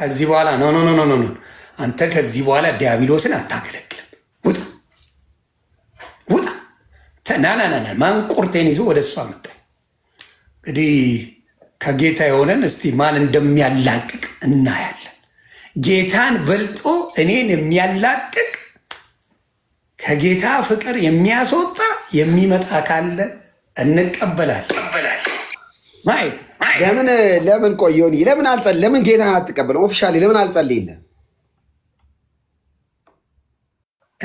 ከዚህ በኋላ ኖ ኖ ኖ ኖ አንተ ከዚህ በኋላ ዲያብሎስን አታገለግልም። ውጣ ውጣ። ተናናናና ማንቁርቴን ይዞ ወደ እሷ መጣ። እንግዲህ ከጌታ የሆነን እስቲ ማን እንደሚያላቅቅ እናያለን። ጌታን በልጦ እኔን የሚያላቅቅ ከጌታ ፍቅር የሚያስወጣ የሚመጣ ካለ እንቀበላለን ማየት ለምን ለምን ቆየሁ ለምን አልጸል ለምን ጌታን አትቀበል ኦፊሻሊ ለምን አልጸልይ? የለ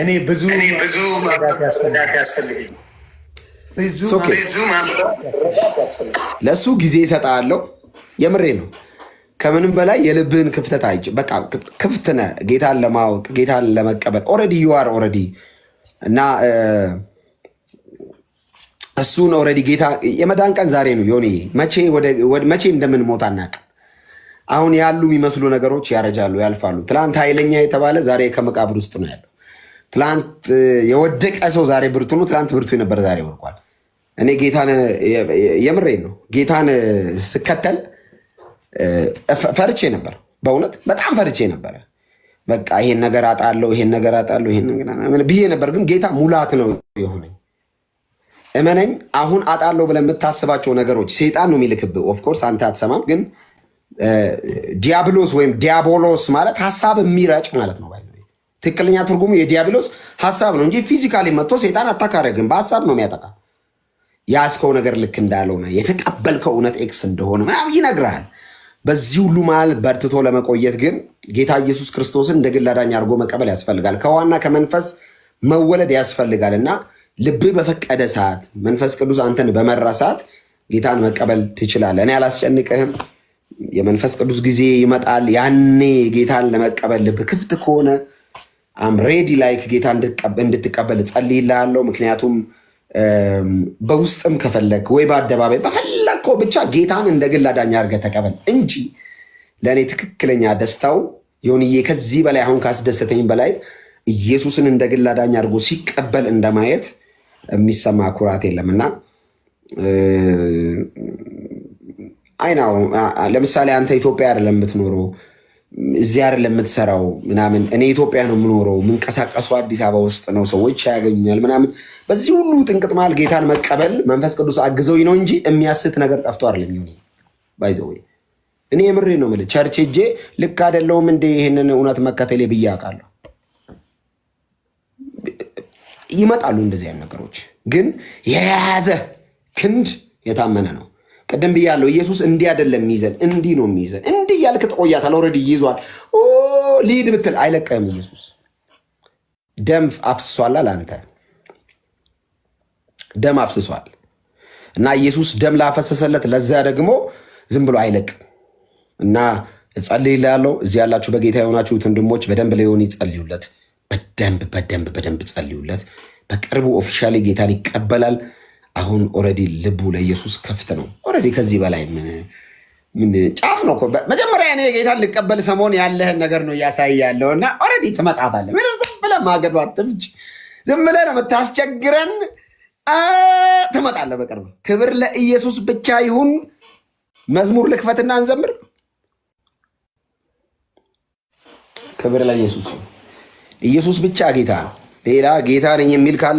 እኔ ብዙ ብዙ ለእሱ ጊዜ ይሰጣለው። የምሬ ነው። ከምንም በላይ የልብህን ክፍተት አይጭ። በቃ ክፍት ጌታን ለማወቅ ጌታን ለመቀበል ኦልሬዲ ዩ አር ኦልሬዲ እና እሱን ኦልሬዲ ጌታ የመዳን ቀን ዛሬ ነው። ሆን መቼ እንደምንሞት አናውቅም። አሁን ያሉ የሚመስሉ ነገሮች ያረጃሉ፣ ያልፋሉ። ትላንት ኃይለኛ የተባለ ዛሬ ከመቃብር ውስጥ ነው ያለው። ትላንት የወደቀ ሰው ዛሬ ብርቱ ነው። ትላንት ብርቱ የነበረ ዛሬ ወድቋል። እኔ ጌታን የምሬን ነው። ጌታን ስከተል ፈርቼ ነበር፣ በእውነት በጣም ፈርቼ ነበረ። በቃ ይሄን ነገር አጣለው፣ ይሄን ነገር አጣለው፣ ይሄን ነገር ብዬ ነበር። ግን ጌታ ሙላት ነው የሆነኝ እመነኝ አሁን አጣለው ብለን የምታስባቸው ነገሮች ሴጣን ነው የሚልክብህ። ኦፍኮርስ አንተ አትሰማም፣ ግን ዲያብሎስ ወይም ዲያቦሎስ ማለት ሀሳብ የሚረጭ ማለት ነው። ትክክለኛ ትርጉሙ የዲያብሎስ ሀሳብ ነው እንጂ ፊዚካሊ መጥቶ ሴጣን አታካረግም፣ በሀሳብ ነው የሚያጠቃ። ያስከው ነገር ልክ እንዳልሆነ የተቀበልከው እውነት ኤክስ እንደሆነ ምናምን ይነግርሃል። በዚህ ሁሉ መሃል በርትቶ ለመቆየት ግን ጌታ ኢየሱስ ክርስቶስን እንደ ግል አዳኝ አድርጎ መቀበል ያስፈልጋል። ከዋና ከመንፈስ መወለድ ያስፈልጋል እና ልብ በፈቀደ ሰዓት መንፈስ ቅዱስ አንተን በመራ ሰዓት ጌታን መቀበል ትችላለህ። እኔ አላስጨንቅህም። የመንፈስ ቅዱስ ጊዜ ይመጣል። ያኔ ጌታን ለመቀበል ልብ ክፍት ከሆነ አም ሬዲ ላይክ ጌታ እንድትቀበል ጸልይልሃለሁ። ምክንያቱም በውስጥም ከፈለግ ወይ በአደባባይ በፈለግከው ብቻ ጌታን እንደ ግል አዳኝ አድርገህ ተቀበል እንጂ ለእኔ ትክክለኛ ደስታው የሆንዬ ከዚህ በላይ አሁን ካስደሰተኝ በላይ ኢየሱስን እንደ ግል አዳኝ አድርጎ ሲቀበል እንደማየት የሚሰማ ኩራት የለም እና አይናው ለምሳሌ አንተ ኢትዮጵያ አይደለም የምትኖረው፣ እዚህ አይደለም የምትሰራው ምናምን። እኔ ኢትዮጵያ ነው የምኖረው፣ የምንቀሳቀሰው አዲስ አበባ ውስጥ ነው፣ ሰዎች ያገኙኛል ምናምን። በዚህ ሁሉ ጥንቅጥ መሃል ጌታን መቀበል መንፈስ ቅዱስ አግዘውኝ ነው እንጂ የሚያስት ነገር ጠፍቶ አይደለም። ሆ ባይዘው እኔ የምሬ ነው የምልህ። ቸርች ሄጄ ልክ አይደለውም እንደ ይህንን እውነት መከተሌ ብዬ አውቃለሁ። ይመጣሉ እንደዚህ አይነት ነገሮች። ግን የያዘ ክንድ የታመነ ነው። ቅድም ብያለሁ፣ ኢየሱስ እንዲህ አይደለም የሚይዘን፣ እንዲህ ነው የሚይዘን። እንዲህ እያልክ ትቆያታል። ኦልሬዲ ይዟል። ሊድ ብትል አይለቀም። ኢየሱስ። ደም አፍስሷል፣ አለ አንተ ደም አፍስሷል። እና ኢየሱስ ደም ላፈሰሰለት ለዛ ደግሞ ዝም ብሎ አይለቅ እና ጸልይ ላለው እዚህ ያላችሁ በጌታ የሆናችሁ ወንድሞች በደንብ ለዮኒ ጸልዩለት። በደንብ በደንብ በደንብ ጸልዩለት። በቅርቡ ኦፊሻሊ ጌታን ይቀበላል። አሁን ኦልሬዲ ልቡ ለኢየሱስ ክፍት ነው። ኦልሬዲ ከዚህ በላይ ምን ጫፍ ነው? መጀመሪያ እኔ ጌታን ልቀበል ሰሞን ያለህን ነገር ነው እያሳይ ያለው እና ኦልሬዲ ትመጣታለህ። ምንም ዝም ብለህ ማገዶ አትፍጭ። ዝም ብለህ ነው የምታስቸግረን። ትመጣለህ በቅርብ። ክብር ለኢየሱስ ብቻ ይሁን። መዝሙር ልክፈትና እንዘምር። ክብር ለኢየሱስ ኢየሱስ ብቻ ጌታ ነው። ሌላ ጌታ ነኝ የሚል ካለ